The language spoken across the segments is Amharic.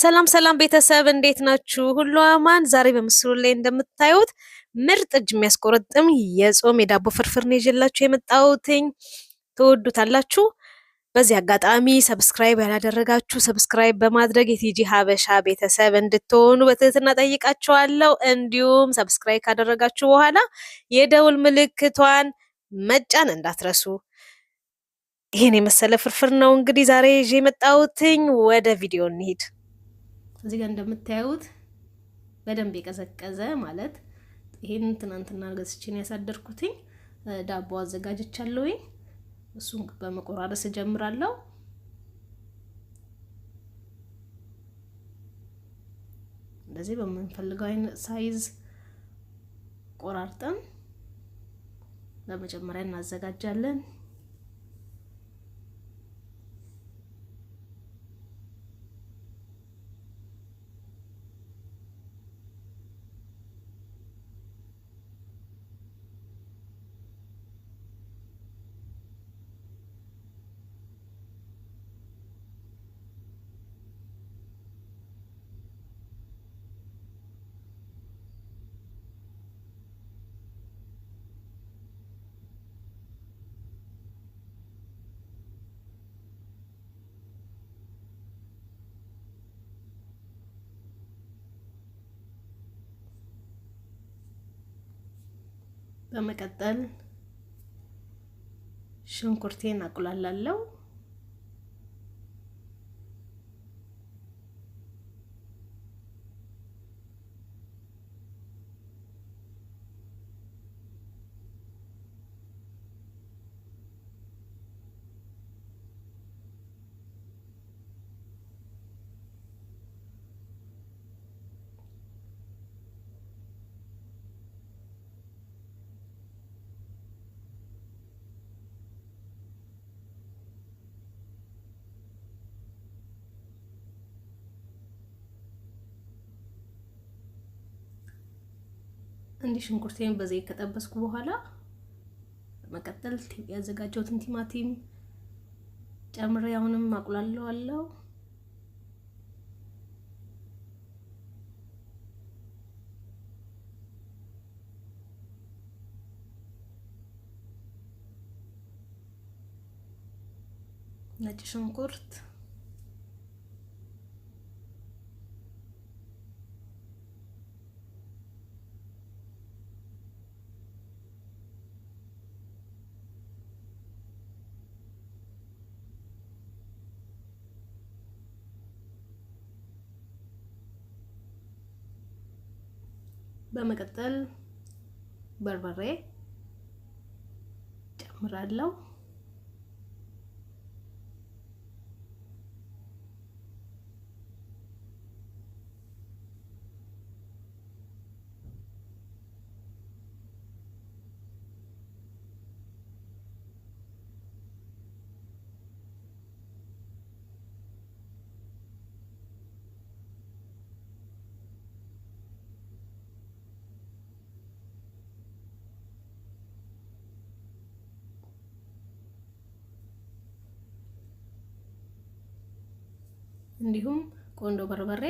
ሰላም ሰላም ቤተሰብ እንዴት ናችሁ? ሁሉ አማን። ዛሬ በምስሉ ላይ እንደምታዩት ምርጥ እጅ የሚያስቆረጥም የጾም የዳቦ ፍርፍር ነው ይዤላችሁ የመጣሁትኝ። ትወዱታላችሁ። በዚህ አጋጣሚ ሰብስክራይብ ያላደረጋችሁ ሰብስክራይብ በማድረግ የቲጂ ሀበሻ ቤተሰብ እንድትሆኑ በትህትና ጠይቃችኋለሁ። እንዲሁም ሰብስክራይብ ካደረጋችሁ በኋላ የደውል ምልክቷን መጫን እንዳትረሱ። ይህን የመሰለ ፍርፍር ነው እንግዲህ ዛሬ ይዤ የመጣሁትኝ። ወደ ቪዲዮ እንሂድ። እዚህ ጋር እንደምታዩት በደንብ የቀዘቀዘ ማለት ይሄን ትናንትና ገዝቼን ያሳደርኩትኝ ዳቦ አዘጋጅቻለሁኝ። እሱን በመቆራረስ እጀምራለሁ። እንደዚህ በምንፈልገው አይነት ሳይዝ ቆራርጠን ለመጀመሪያ እናዘጋጃለን። በመቀጠል ሽንኩርቴን አቁላላለሁ። እንዲህ ሽንኩርቴን በዘይት ከጠበስኩ በኋላ በመቀጠል ያዘጋጀሁትን ቲማቲም ጨምሬ አሁንም አቁላለዋለሁ። ነጭ ሽንኩርት በመቀጠል በርበሬ ጨምራለሁ። እንዲሁም ቆንዶ በርበሬ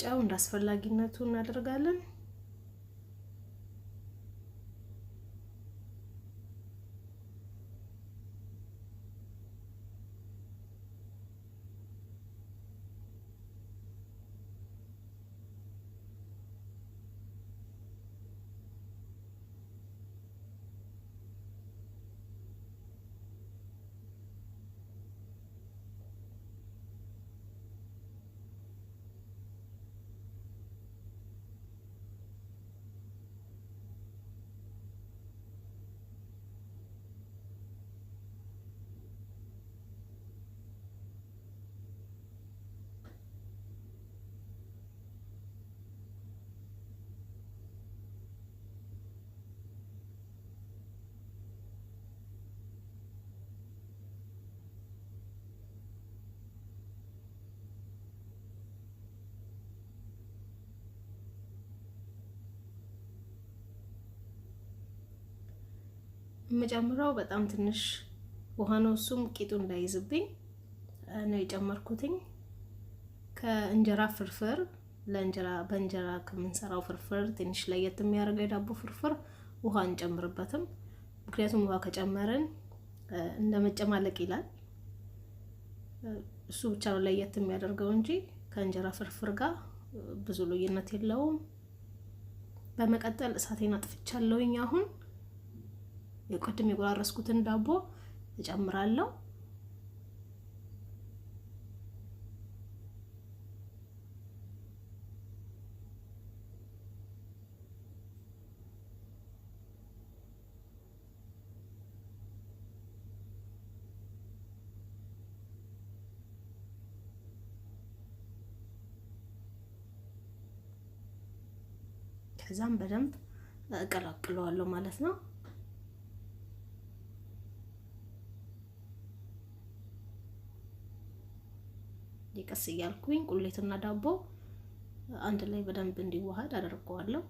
ጨው እንዳስፈላጊነቱ እናደርጋለን። የምጨምረው በጣም ትንሽ ውሃ ነው። እሱም ቂጡ እንዳይዝብኝ ነው የጨመርኩትኝ። ከእንጀራ ፍርፍር ለእንጀራ በእንጀራ ከምንሰራው ፍርፍር ትንሽ ለየት የሚያደርገው የዳቦ ፍርፍር ውሃ አንጨምርበትም። ምክንያቱም ውሃ ከጨመርን እንደ መጨማለቅ ይላል። እሱ ብቻ ነው ለየት የሚያደርገው እንጂ ከእንጀራ ፍርፍር ጋር ብዙ ልዩነት የለውም። በመቀጠል እሳቴን አጥፍቻለሁኝ አሁን ቅድም የጎራረስኩትን ዳቦ እጨምራለሁ። ከዛም በደንብ እቀላቅለዋለሁ ማለት ነው። የቀስ እያልኩኝ ቁሌትና ዳቦ አንድ ላይ በደንብ እንዲዋሃድ አደርገዋለሁ።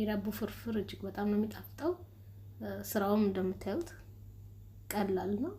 የዳቦ ፍርፍር እጅግ በጣም ነው የሚጣፍጠው። ስራውም እንደምታዩት ቀላል ነው።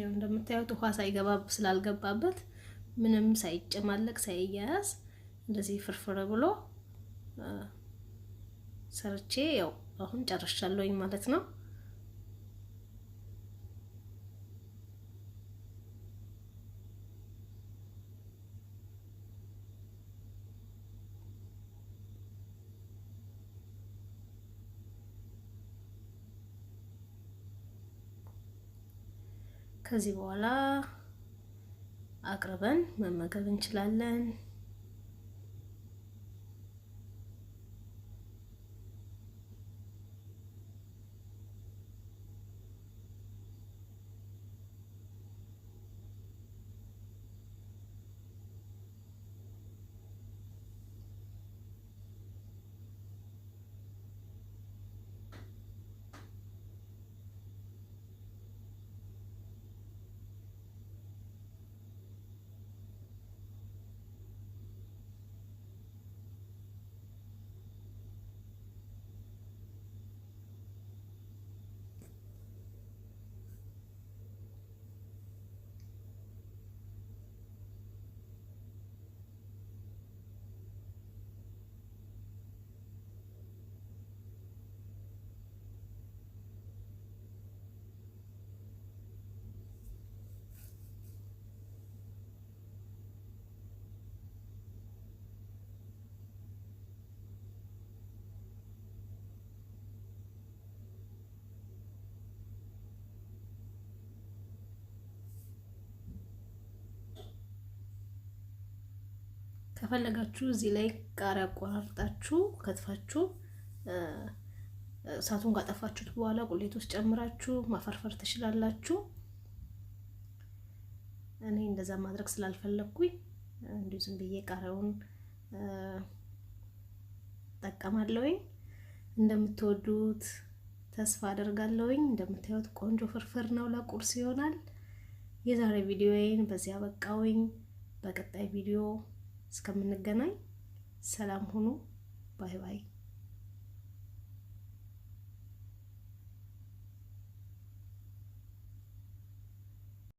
ያው እንደምታዩት ውሃ ሳይገባ ስላልገባበት ምንም ሳይጨማለቅ ሳይያያዝ እንደዚህ ፍርፍር ብሎ ሰርቼ ያው አሁን ጨርሻለሁኝ ማለት ነው። ከዚህ በኋላ አቅርበን መመገብ እንችላለን። ከፈለጋችሁ እዚህ ላይ ቃሪያ አቆራርጣችሁ ከትፋችሁ እሳቱን ካጠፋችሁት በኋላ ቁሌት ውስጥ ጨምራችሁ ማፈርፈር ትችላላችሁ። እኔ እንደዛ ማድረግ ስላልፈለግኩኝ እንዲሁ ዝም ብዬ ቃሪያውን ጠቀማለሁኝ። እንደምትወዱት ተስፋ አደርጋለሁኝ። እንደምታዩት ቆንጆ ፍርፍር ነው፣ ለቁርስ ይሆናል። የዛሬ ቪዲዮዬን በዚያ አበቃውኝ። በቀጣይ ቪዲዮ እስከምንገናኝ ሰላም ሁኑ። ባይ ባይ።